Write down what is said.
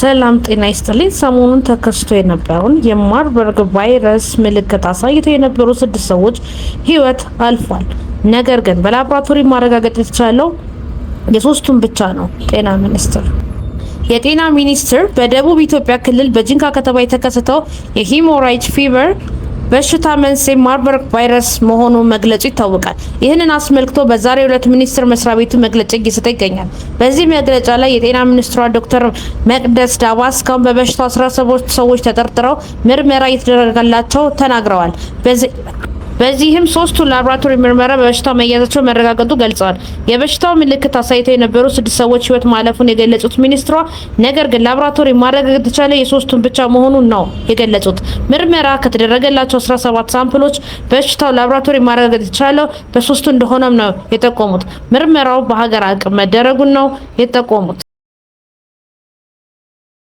ሰላም ጤና ይስጥልኝ። ሰሞኑን ተከስቶ የነበረውን የማርበርግ ቫይረስ ምልክት አሳይተው የነበሩ ስድስት ሰዎች ህይወት አልፏል። ነገር ግን በላቦራቶሪ ማረጋገጥ የተቻለው የሶስቱን ብቻ ነው። ጤና ሚኒስቴር የጤና ሚኒስቴር በደቡብ ኢትዮጵያ ክልል በጂንካ ከተማ የተከሰተው የሂሞራይድ ፊቨር በሽታ መንስኤ ማርበርግ ቫይረስ መሆኑ መግለጹ ይታወቃል። ይህንን አስመልክቶ በዛሬው ዕለት ሚኒስቴር መስሪያ ቤቱ መግለጫ እየሰጠ ይገኛል። በዚህ መግለጫ ላይ የጤና ሚኒስትሯ ዶክተር መቅደስ ዳባ እስካሁን በበሽታው 17 ሰዎች ተጠርጥረው ምርመራ እየተደረገላቸው ተናግረዋል። በዚህም ሶስቱ ላብራቶሪ ምርመራ በበሽታው መያዛቸው መረጋገጡ ገልጸዋል። የበሽታው ምልክት አሳይተው የነበሩ ስድስት ሰዎች ህይወት ማለፉን የገለጹት ሚኒስትሯ፣ ነገር ግን ላብራቶሪ ማረጋገጥ የተቻለ የሶስቱን ብቻ መሆኑን ነው የገለጹት። ምርመራ ከተደረገላቸው 17 ሳምፕሎች በሽታው ላብራቶሪ ማረጋገጥ የተቻለው በሶስቱ እንደሆነም ነው የጠቆሙት። ምርመራው በሀገር አቅም መደረጉን ነው የጠቆሙት።